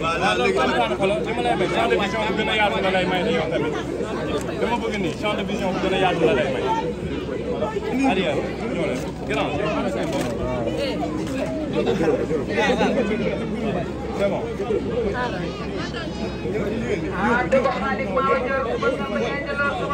waaw daal léegi dama bëgg ni champ de vision bu gën a yaatu la lay may. Arrière, ñoo leen grand. C'est bon. Ah,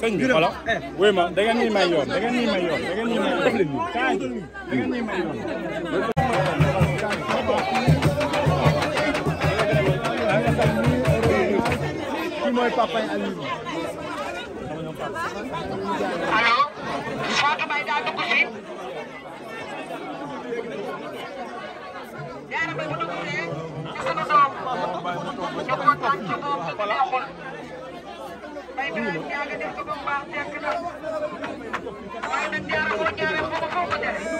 sëñ bi alors wéy ma da ngeen ñuy may yoon da ngeen ñuy may yoon da ngeen ñuy may yoon def leen nii kaay da ngeen ñuy may yoon mooy papa yi Aliou. allo. Fatou Mbaye daa dugg si. ci sunu doom ñu kontaan ci moom te neexul bay bi nag ñaari def ko mbaax tekk na waaye nag jaara boo jaaree foofu foofu tere bay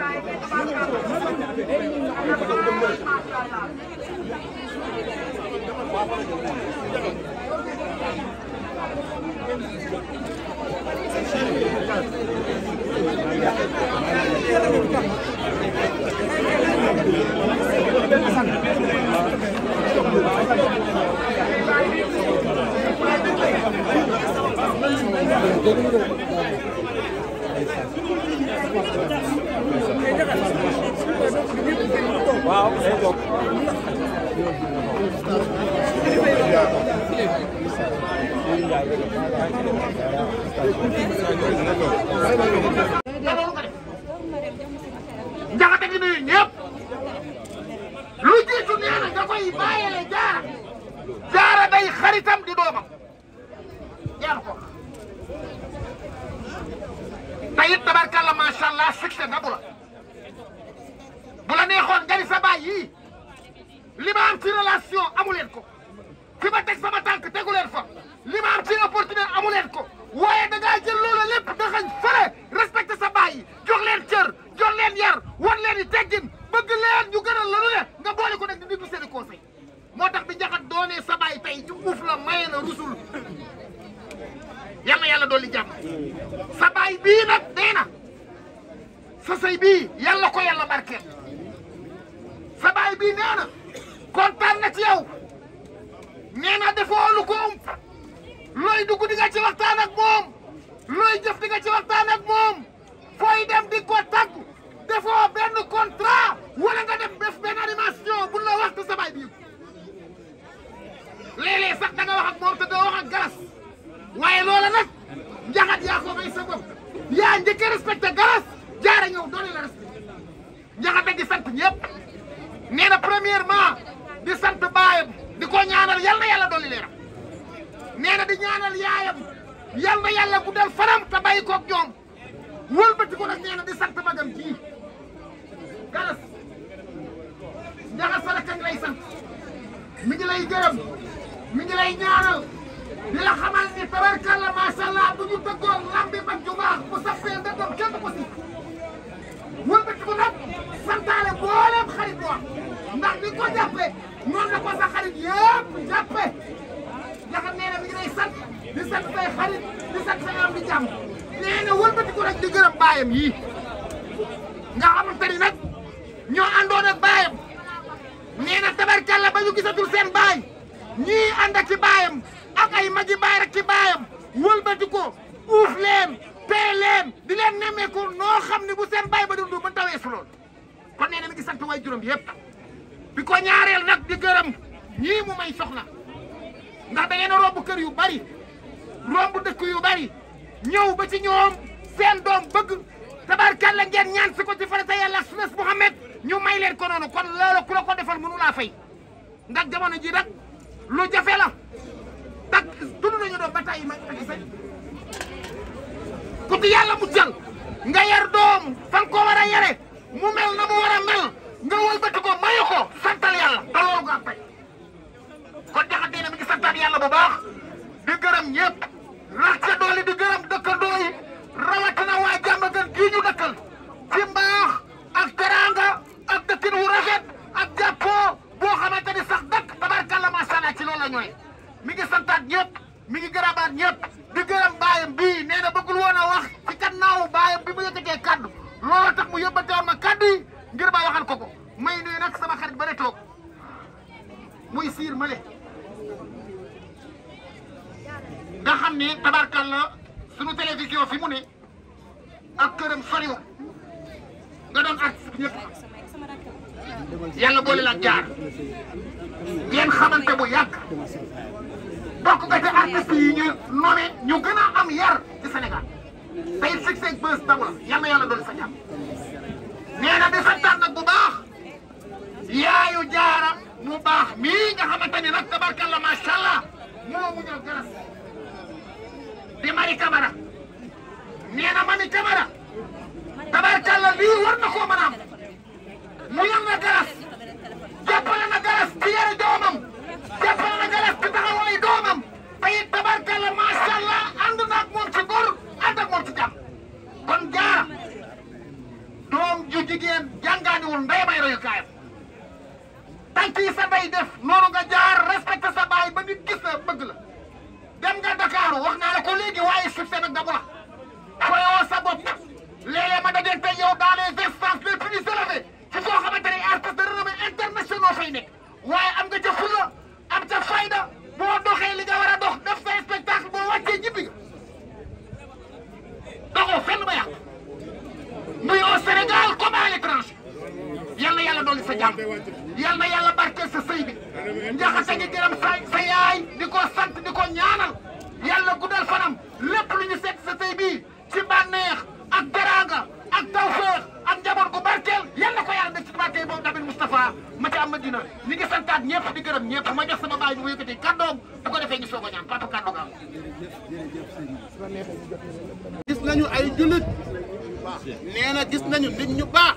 naa yi ci baax na am na macha allah waaw day toog jaara day xaritam di doomam tubaarkàlla macha allah succès na bu la neexoon nga ni sa baay yii li ma am ci relation amu ko fi ma teg sama tànk tegu leen fa li ma ci opportunité amu leen ko waaye da ngaa jël loola lépp daxañ fële respecté cër jox yar wan leen bëgg leen ñu gënal la ne nga boole ko nag di déglu seen i moo tax bi njaxat doonee sa baay tey ci uuf la maye na rusul yàlla sëy bii yàlla ko yàlla barkeel sa bii nee na kontaan na ci yow nee na defoo lu ko um looy dugg di nga ci waxtaan ak jaxate di sant ñëpp nee na premièrement di sant baayam di ko ñaanal yal na yàlla dolli leeram nee na di ñaanal yaayam yal na guddal fanam te bàyyi koog ñoom wëlbati ko nag di sant magam ji galas jaxas kañ lay sant mi ngi lay gërëm mi ngi lay ñaanal di la xamal ni tabarkalla macha allah du ñu dëggoon lambi mag ju baax bu sappee ndëndam kenn ko si. wëlbati ko nag santaale booleem xarit bu ndax ni ko jàppee noonu la ko xarit yëpp jàppee jaxat nee mi ngi lay sant di sant say xarit di sant say am di jàmm nee na wëlbati ko yii nga xamante ni ñoo àndoon ak baayam nee na ba ñu gisatul seen baay ñii ànd ak ci baayam ak ay magi baay rek ci baayam noo xam ne ak juróom yëpp bi ko ñaareel nag di ñii mu may soxna ndax da ngeen a kër yu bari romb dëkk yu bari ñëw ba ci ñoom seen doom bëgg tabarkalla ngeen ñaan si ko ci farata yàlla sunnas Muhammad ñu may ko noonu kon loolu ku la ko defal mënu laa fay ndax jamono ji nag lu jafe la ndax dund nañu doom ma ak sa ku di yàlla mu jël nga yar doom fan ko war a yare mu mel na mu war a mel nga wëlbati ko mayu ko santal yàlla te loolu nga am tey kon jaxatee ne mi ngi santaat yàlla bu baax di gërëm ñëpp rax ca doole di gërëm dëkkandoo yi rawatina waa jàmm gën kii ñu dëkkal ci mbaax ak teraanga ak dëkkin wu rafet ak jàppoo boo xamante ni sax dëkk tabarkàlla macha ci loolu ñooy mi ngi santaat ñëpp mi ngi gërëmaat ñëpp di gërëm baayam bii nee na bëggul woon a wax ci kannaawu baayam bi mu yëkkatee kàddu loolu tax mu yóbbante mële nga xam ne tabarkalla sunu télévision fi mu ne ak këram soriwul nga doon artiste ñëpp yàlla boole la jaar ngeen xamante bu yàgg bokk nga te artistes ñu nommé ñu gën a am yar ci Sénégal tey succès buzz taw la yal na yàlla doon sa nee na di santaat nag bu baax yaayu jaaram mu baax mii nga xamante tabarkalla macha allah moo mu ñëw garas di mari Camara nee na mani Camara tabarkalla lii war na koo mu yam garas jàppale garas ci yare doomam jàppale na garas ci taxawaayu doomam te tabarkalla macha allah ànd naag moom ci góor kon jaara doom ju jigéen jàngaaniwul ndey may royu kaayam kii sa bay def noonu nga jaar respecté sa baay ba nit gis la bëgg la dem nga Dakar wax naa la ko léegi waaye succès nag dabu la. koyoo sa bopp léeg-léeg ma dajeeg tey yow dans les a ngi sa sa yaay di ko sant di ko ñaanal yàlla guddal fanam lépp lu ñu seet sa sëy bii ci bànneex ak teraanga ak tawféex ak njaboot gu barkeel yal na ko yàlla def ci barkeel boobu Nabil Moustapha ma ci am Madina ñi ngi ñëpp di gërëm ñëpp ma jox sama baay bu yëkkati kàddoom bu ko defee ñu soog a ñaan papa kàddu gis nañu ay jullit nee gis nañu nit ñu baax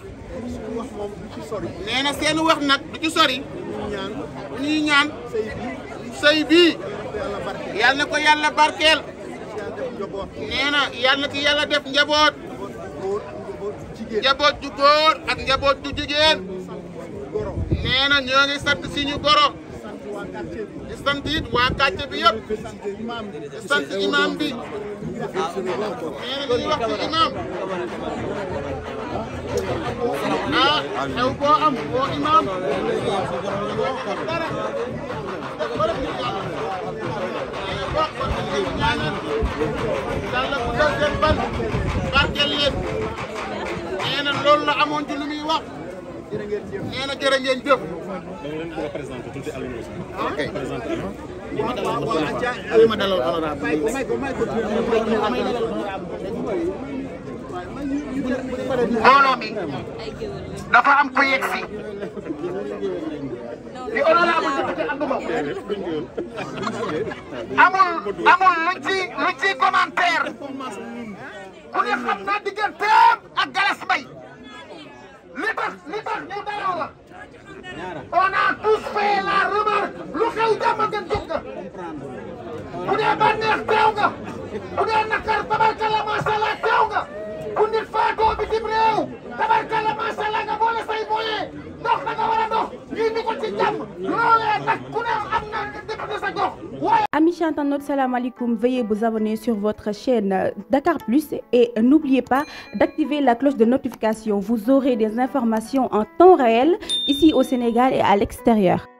nee na seen wax nag du sori. ñuy ñaan sëy bii yal na ko yàlla barkeel nee na yal na ci yàlla def njaboot njaboot ju góor ak njaboot ju jigéen nee na ñoo ngi sant suñu borom di sant it waa kàcce bi yëpp di sant imam bi nee na ñuy wax ci imam ah xew boo am boo imaam ñaanal yàlla bu dal seen bal barkeel leen nee na loolu la amoon ci lu muy wax nee na jërë ngeen jëf li ma dalal honorable mbooloo mi dafa am ko yegg amul amul luñ ci luñ ci commentaire ku ne xam naa digganteem ak Galas Mbaye li tax li tax ñu daloo la on a tous fait la lu xew jàmm ngeen jóg nga bu dee bànneex teew nga bu dee nakar tabarkalla macha allah teew nga. ku nit faatoo bitim réew tabarkalla macha allah nga boole say moyen dox na nga war a dox ñuy ñu ko ci jàmm loolee nag ku ne am na député sa gox waaye Amis chers internautes, salaamaaleykum veuillez vous abonner sur votre chaîne Dakar Plus et n'oubliez pas d'activer la cloche de notification vous aurez des informations en temps réel ici au Sénégal et à l'extérieur